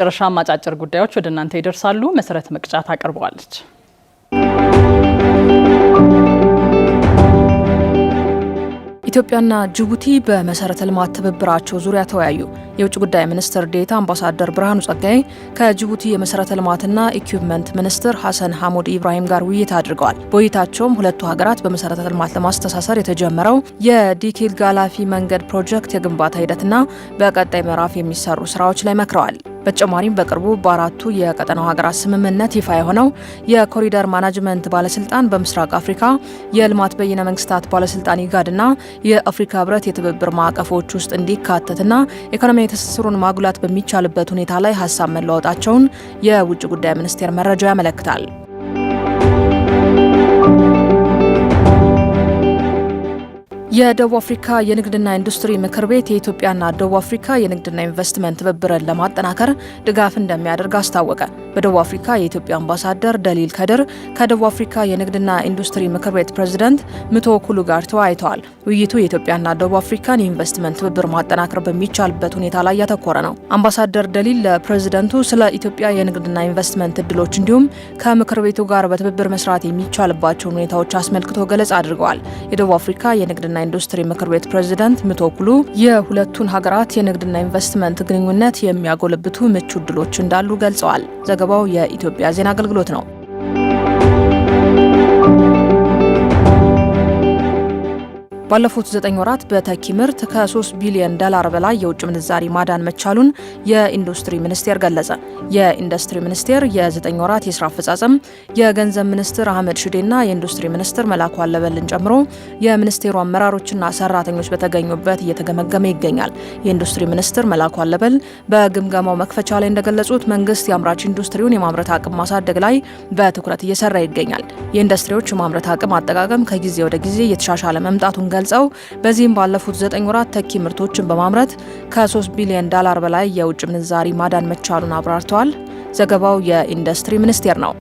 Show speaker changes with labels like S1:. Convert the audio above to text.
S1: መጨረሻም አጫጭር ጉዳዮች ወደ እናንተ ይደርሳሉ። መሰረት መቅጫት አቅርበዋለች።
S2: ኢትዮጵያና ጅቡቲ በመሰረተ ልማት ትብብራቸው ዙሪያ ተወያዩ። የውጭ ጉዳይ ሚኒስትር ዴታ አምባሳደር ብርሃኑ ጸጋይ ከጅቡቲ የመሰረተ ልማትና ኢኩፕመንት ሚኒስትር ሐሰን ሐሙድ ኢብራሂም ጋር ውይይት አድርገዋል። በውይይታቸውም ሁለቱ ሀገራት በመሰረተ ልማት ለማስተሳሰር የተጀመረው የዲኪል ጋላፊ መንገድ ፕሮጀክት የግንባታ ሂደትና በቀጣይ ምዕራፍ የሚሰሩ ስራዎች ላይ መክረዋል። በተጨማሪም በቅርቡ በአራቱ የቀጠናው ሀገራት ስምምነት ይፋ የሆነው የኮሪደር ማናጅመንት ባለስልጣን በምስራቅ አፍሪካ የልማት በይነ መንግስታት ባለስልጣን ኢጋድና የአፍሪካ ህብረት የትብብር ማዕቀፎች ውስጥ እንዲካተትና ኢኮኖሚያዊ ትስስሩን ማጉላት በሚቻልበት ሁኔታ ላይ ሀሳብ መለዋወጣቸውን የውጭ ጉዳይ ሚኒስቴር መረጃው ያመለክታል። የደቡብ አፍሪካ የንግድና ኢንዱስትሪ ምክር ቤት የኢትዮጵያና ደቡብ አፍሪካ የንግድና ኢንቨስትመንት ትብብርን ለማጠናከር ድጋፍ እንደሚያደርግ አስታወቀ። በደቡብ አፍሪካ የኢትዮጵያ አምባሳደር ደሊል ከድር ከደቡብ አፍሪካ የንግድና ኢንዱስትሪ ምክር ቤት ምቶ ኩሉ ጋር ተወያይተዋል። ውይይቱ የኢትዮጵያና ደቡብ አፍሪካን የኢንቨስትመንት ትብብር ማጠናከር በሚቻልበት ሁኔታ ላይ ያተኮረ ነው። አምባሳደር ደሊል ለፕሬዚደንቱ ስለ ኢትዮጵያ የንግድና ኢንቨስትመንት እድሎች እንዲሁም ከምክር ቤቱ ጋር በትብብር መስራት የሚቻልባቸውን ሁኔታዎች አስመልክቶ ገለጽ አድርገዋል። የደቡብ አፍሪካ የንግድና ኢንዱስትሪ ምክር ቤት ምቶ ኩሉ የሁለቱን ሀገራት የንግድና ኢንቨስትመንት ግንኙነት የሚያጎለብቱ ምቹ እድሎች እንዳሉ ገልጸዋል። ዘገባው የኢትዮጵያ ዜና አገልግሎት ነው። ባለፉት ዘጠኝ ወራት በተኪ ምርት ከ3 ቢሊዮን ዶላር በላይ የውጭ ምንዛሪ ማዳን መቻሉን የኢንዱስትሪ ሚኒስቴር ገለጸ። የኢንዱስትሪ ሚኒስቴር የዘጠኝ ወራት የስራ አፈጻጸም የገንዘብ ሚኒስትር አህመድ ሽዴና የኢንዱስትሪ ሚኒስትር መላኩ አለበልን ጨምሮ የሚኒስቴሩ አመራሮችና ሰራተኞች በተገኙበት እየተገመገመ ይገኛል። የኢንዱስትሪ ሚኒስትር መላኩ አለበል በግምገማው መክፈቻ ላይ እንደገለጹት መንግስት የአምራች ኢንዱስትሪውን የማምረት አቅም ማሳደግ ላይ በትኩረት እየሰራ ይገኛል። የኢንዱስትሪዎች የማምረት አቅም አጠቃቀም ከጊዜ ወደ ጊዜ እየተሻሻለ መምጣቱን ገ ገልጸው በዚህም ባለፉት ዘጠኝ ወራት ተኪ ምርቶችን በማምረት ከ3 ቢሊዮን ዳላር በላይ የውጭ ምንዛሪ ማዳን መቻሉን አብራርተዋል። ዘገባው የኢንዱስትሪ ሚኒስቴር ነው።